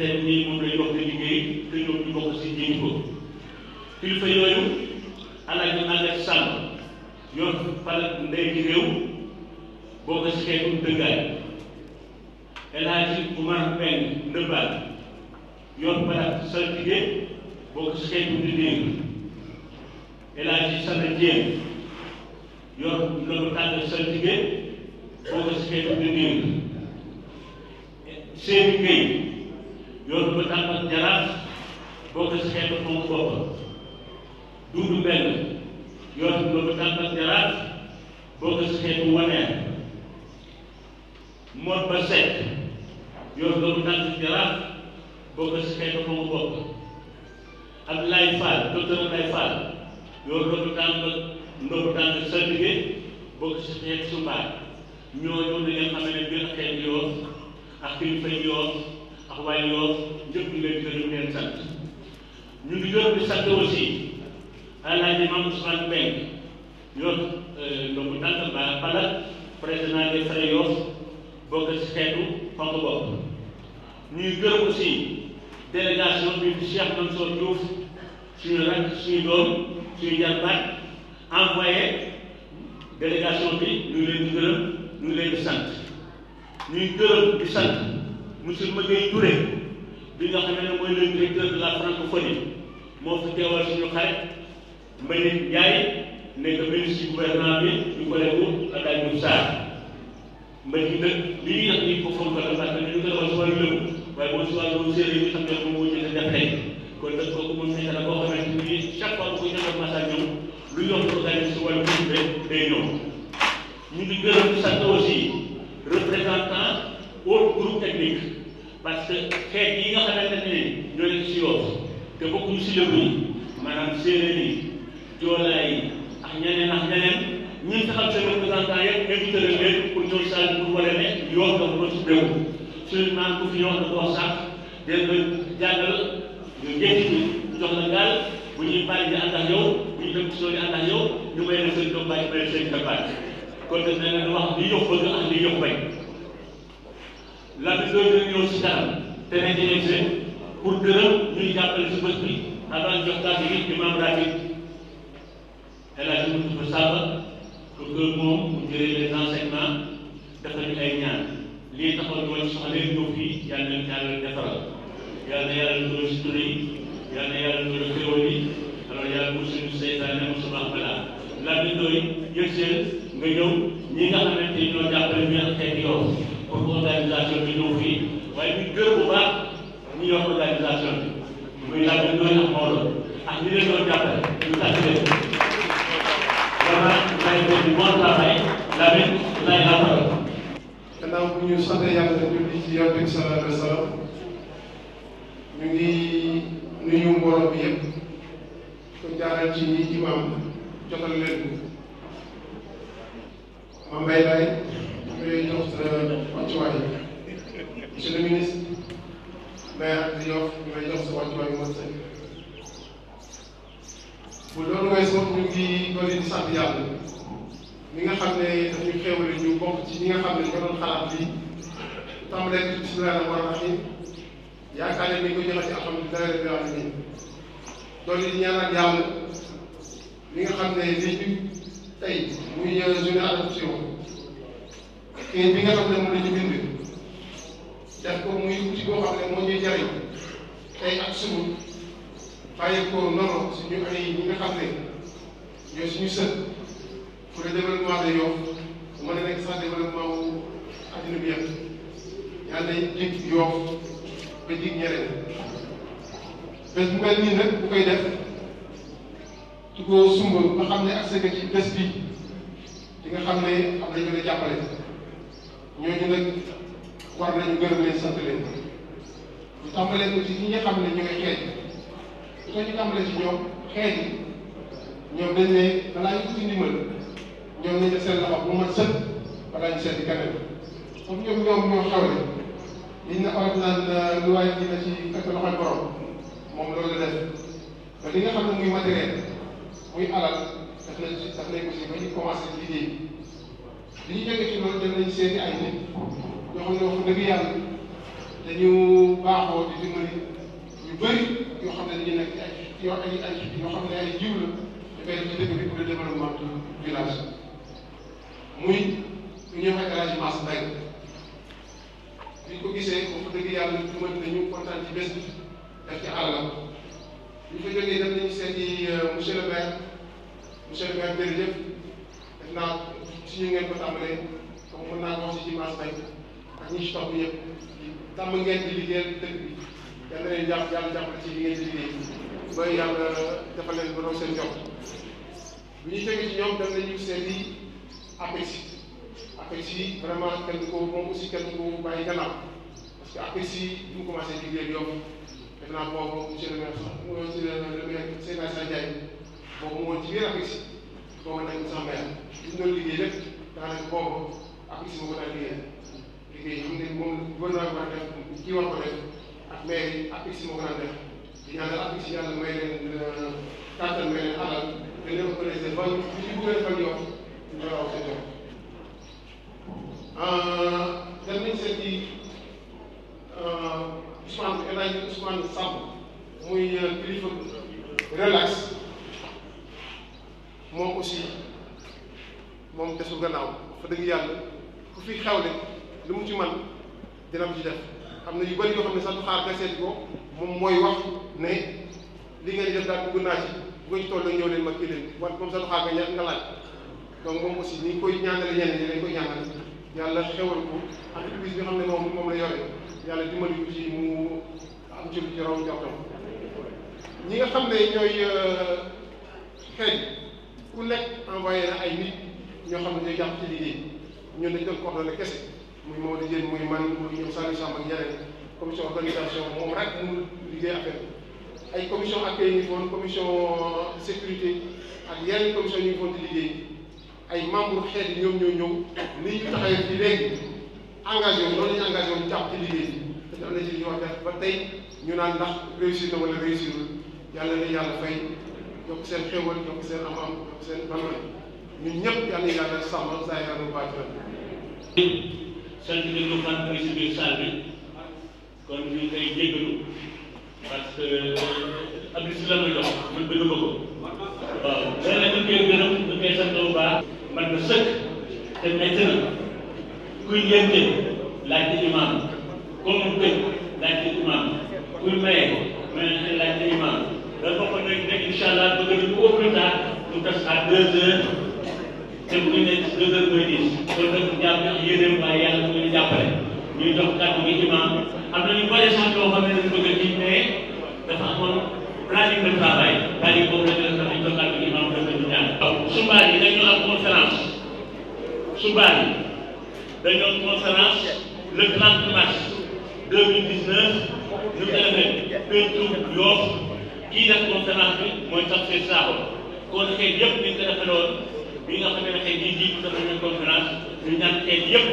tey ñi moom lañu wax te liggéey te ñoom ñu bokk si jiiñ ko kilifa yooyu alaaj ñu ànd um sàmm yoon fal ndey ci réew boo ko si xeetum dëggaay El Hadji Oumar Pène ndëbbaal yoon fal saltige boo ko si xeetum di dégg El Hadji Sall Dieng yoon loolu tànn saltige boo ko si xeetum di dégg Seydou Gueye yooyu ba tànk ak jaraaf boo ko si xeetu fonk boppam dundu benn yooyu ba tànk ak jaraaf boo ko si xeetu waneen mot ba set yooyu ba tànk ak jaraaf boo ko si xeetu fonk boppam Abdoulaye ba tànk ndox tànk certifié boo ko si xeetu sumbaar ñoo ñoo da ngeen xam ne biir xeet yoo ak kilifa taxawaay yoo njëkk leen gërëm leen sant ñu ngi gërëm di sant aussi Alaaji Maam Ousmane Mbeng yor euh, ndogu tànk ba pala président des frais yoo bokk si xeetu fonk bopp ñuy gërëm aussi délégation bi Cheikh Mansour Diouf suñu rakk suñu doom suñu jarbaat envoyé délégation bi ñu leen di gërëm ñu leen di sant ñuy gërëm di sant monsieur Maguette Touré bi nga xam ne mooy le directeur de la francophonie moo fi teewal suñu xarit Mbagnick Ndiaye nekk ministre du gouvernement bi ñu ko lekku ak ay Diouf Sarr Mbagnick nag lii nga xam ne ko fonk la parce que ñu koy wax si wàllu lëbu waaye mooy si wàllu séeréer yi xam ne moom moo ko def tey kon nag kooku moom fexe na boo xamante ni chaque fois bu ko ñëw masa ñëw lu yomb organisé si wàllu day ñëw ñu ngi gërëm sant aussi technique parce que xeet yi nga xamante ne ñoo nekk ci Yoof te bokkuñu ci Lebu maanaam séeréer yi joolaa yi ak ñeneen ak ñeneen ñun taxaw seen représentant yëpp invité leen pour ñëw saa pour wane ne Yoof dafa doon su déwu suñu maam ku fi ñëw wax na ko wax sax den ba jàngal ñu njëkk ñi jox la gaal bu ñuy bàyyi di ànd ak yow bu ñu dem soo di ànd ak yow ñu may na seen doom bàyyi may seen tabaat kon nag nee na wax li yëpp bëgg ak li yëpp bañ Lamine doy na ñëw si kanam te ne ñu yegg pour gërëm ñuy jàppale si bés bi avant jox kàddu gi imam ratib El Hadj Moustapha Saba pour que moom mu jëlee les enseignements dafa ñu ay ñaan lii taxaw ñu woon soxla ñëw fii yàlla na yàlla defaral yàlla na yàlla dugal si tur yi yàlla na yàlla dugal xéwal yi alors yàlla bu suñu seytaane mu subax balaa Lamine doy yëg seen nga ñëw ñi nga xamante ni ñoo jàppale ñu ak xeeti yow comme mondialisation bi ñëw fii waaye ñu gërëm bu baax ñu yor mondialisation bi muy laaj bi doon ak Maodo ak ñi leen doon jàppale ñu tàcc leen vraiment lay doon di bon travail Lamine lay affaire. gannaaw bu ñu sant yàlla te ñu ci yow bi sallallahu alayhi wa sallam ñu ngi nuyu mbooloo bi yëpp ko jaaral ci ñi imaam jotal leen ko ma mbay lay sa wàccuwaay monsieur le ministre di Yoff ñu lay jox sa wàccuwaay yu mat sëkk bu loolu di sant yàlla mi nga xam ne dañu xéewale ñu bokk ci ñi nga xam ne ñoo doon xalaat lii tàmbalee ci bismillah rahmaan rahim yaakaar ne ni ko joxe ci alhamdulilah rabbil alamin dolli di ñaanal yàlla mi nga xam ne lii ñu tey muy journée adoption kayit bi nga xam ne moom la ñu bind def ko muy outil boo xam ne moo ñuy jariñ tey ak suba bàyyi ko noonu suñu ay ñi nga xam ne ñooy suñu sët pour le développement de Yoff mën na nekk sax développement wu adduna bi yëpp yàlla jig Yoff ba jig ñeneen bés bu mel nii bu koy def di ko sumb nga xam ne accès nga ci bés bi di nga ne am nañu la jàppale. ñooñu nag war nañu gërëm leen sant leen ñu tàmbalee ko ci ñi nga xam ne ñooy xeet bi ñu tàmbalee si ñoom xeet yi ñoom dañ ne balaa ñu ci ndimbal ñoom ne seen loxo bu mat sëb balaa ñu seen di kanam comme ñoom ñoom ñoo xawle li ñu ne naan lu waay ji na ci fekk loxoy borom moom loolu la def ba li nga xam ne muy matériel muy alal daf lay daf lay ko si ba ñu commencé liggéey li ñu jógee ci loolu dem nañ seeti ay nit yoo xam ne wax dëgg yàlla dañu baaxoo di dimbali ñu bëri yoo xam ne dañu nekk ay yoo ay ay yoo xam ne ay jiw la dafay def ci dëkk bi pour le développement du village muy ñu ñëw ak rajo Mass Mbaye bi ñu ko gisee wax dëgg yàlla dimbali nañu kontaan ci bés bi def ci àllam ñu fa jógee dem nañu seeti monsieur le maire monsieur le maire jërëjëf def naa ciyengen ko tambale ko mo na ko ci image bay ak ni ci top yeb tam ngeen di liggeel tek bi yalla len japp yalla japp ci li ngeen di liggeel ba yalla defal len borom seen jox bu ñu tegg ci ñom dañ lay ñu seen di apex apex vraiment kenn ko mo aussi kenn ko baye gana parce que apex bu commencé di liggeel yow defna bobu ci le maire sax mo ci le maire c'est pas ça jay bobu mo ci bi apex xaw ma nangam sax mbéyam li ñu doon liggéey lépp daanaka boobu ak is ma ko daan liggéey liggéey xam ne moom gouvernement bi daan def kii war ko def ak maire yi ak is ma ko daan def di ñaanal ak is yàlla may leen euh, kàttan may leen alal dañ leen ko présenté ba ñu ci bëggee fan yoo ñu aw seen yoon. dem nañ seeti euh, Ousmane El Hadj Ousmane Samb muy euh, kilifa relax. moom aussi moom desul gannaaw fa dëgg yàlla ku fi de lu mu ci man dina mu def am na yu bëri yoo xam ne sax du nga seet ko moom mooy wax ne li ngeen def daal bëgg naa ci bu nga ci toll ñëw leen ma kii leen wan moom sax du xaar nga laaj donc moom aussi ni ñu koy ñaanale ñeneen ñi dañ koy ñaanale yàlla xewal ko ak église bi xam ne moom moom la yore yàlla dimbali ko ci mu am ci lu ci raw jox ñi nga xam ne ñooy euh, xeet ku nekk envoyé na ay nit ñoo xam ne ñooy jàpp ci liggéey ñun dañ doon coordonné kese muy Maodo Dieng muy man muy ñoom Saliou Samb ak ñeneen commission organisation moom rek mu liggéey affaire ay commission accueil ñu foon commission sécurité ak yeneen commission ñu foon di liggéey ay membre xeet yi ñoom ñoo ñëw ni ñu taxawee ci léegi engagé woon loolu ñu engagé woon ñu jàpp ci liggéey bi dañu am na ci li ñu wax def ba tey ñu naan ndax réussir na wala réussirul yàlla na yàlla fay. yokk seen xéwal yokk seen am-am yokk seen mën-mën ñun ñëpp yàlla na yàlla sàmm saa yàlla bu baax sant nañ ko fàttali si biir salle bi kon ñu ngi koy jéggalu parce que abdis la muy ko waaw léeg-léeg dañ koy gërëm dañ koy sant bu baax man na sëkk te métti na kuy yéente laajte imaam comme mu tëj laajte imaam kuy maye ak deux heures te bu ñu nee deux heures mooy dix kon nag jàpp yéeneem waaye yàlla mu ngi jàppale ñuy jox kàddu gi imam am na ñu bëri sax yoo xam ne dañu bëgg a kii mais dafa amoon planning de travail planning boobu la ñu def dañu jox kàddu gi imam dafa ñu ñaan. waaw subaar yi dañoo am conférence subaar yi kon xeet yëpp ñu ko defee lool bi nga xam ne xëy na jiitu dafa ñu conférence ñu ñaan xeet yëpp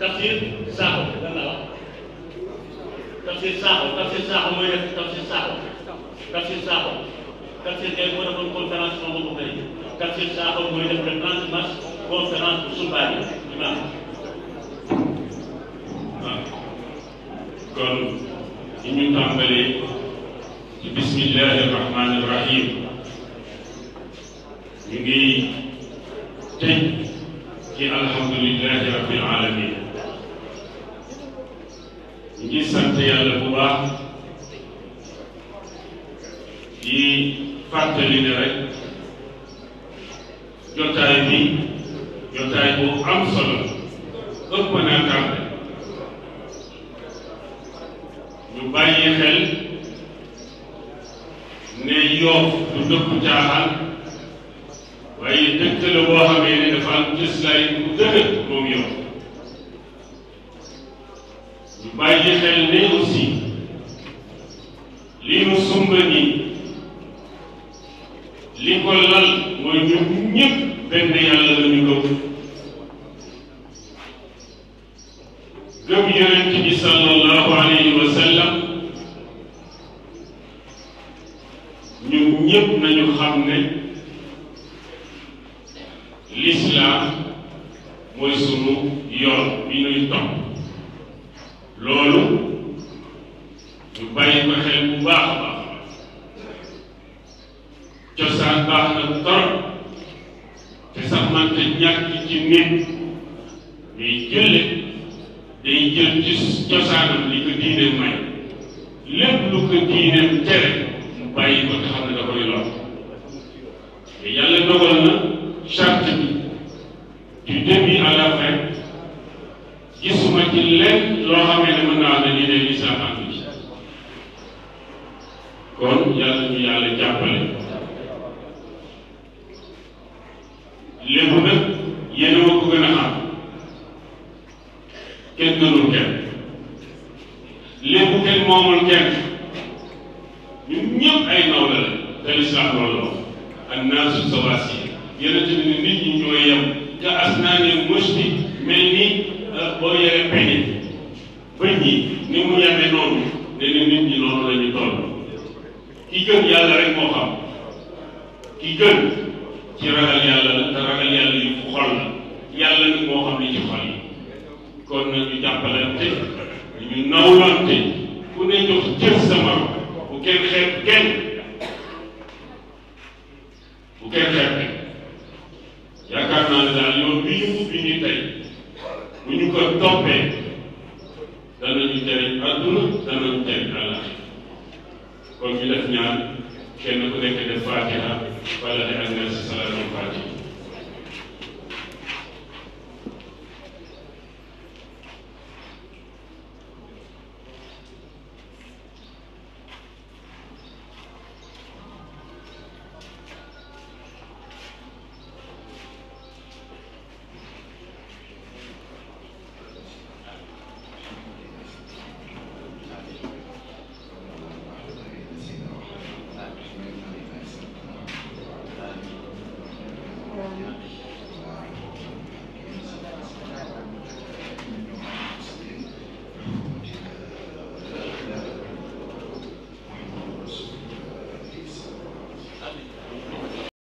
tafsir saaxo lan la wax tafsir saaxo tafsir saaxo mooy def tafsir saaxo tafsir saaxo tafsir kay moo defoon conférence moom moo ko fay tafsir saaxo mooy def le 30 mars conférence bu Soumbali imam kon ñu tàmbalee ci bismillahi rahmaani rahim ñu ngi tëj ci alhamdulilahi rabbil alamin ñu ngi sant yàlla bu baax di fàttali a rek jotaay bi jotaay bu am solo ëpp naa tardé ñu bàyyi xel ne Yoff du dëkku caaxaan waaye dëkk la boo xamee ne dafa am cëslaay bu dëgër moom yow ñu bàyyi xel ne aussi li ñu sumb ni li ko lal mooy ñun ñëpp benn yàlla ñu gëm nuy loolu ñu bàyyi ko xel bu baax a cosaan baax na bu torop te sax mante ñàkk ci nit day jële day jël ci cosaanam li ko diine may lépp lu ko diineem tere mu bàyyi ko te xam ne da koy lor te yàlla dogal na charte bi du début à gisuma ci lenn loo xamee ne mën naa ne ñu ne li sax am ci kon yàlla ñu yàlla jàppale lépp nag yéen a ko gën a xam kenn gënul kenn lépp kenn moomul kenn ñun ñëpp ay naw la la te lislaam loolu ak naasu sawaasi yéen a tamit nit ñi ñooy yem ka asnaani musti mel ni boo yoree peñe bëñ yi ni mu yemee noonu ne ni nit ñi noonu la ñu ki gën yàlla rek moo xam ki gën ci ragal yàlla la te ragal yàlla yu xol la yàlla nit moo xam li ci xol yi kon nañu jàppalante ñu nawlante ku ne jox cër sama bu kenn xeeb kenn bu kenn xeeb ñaan kenn ku nekk def fatiha wala ne ak nas salaatu fatiha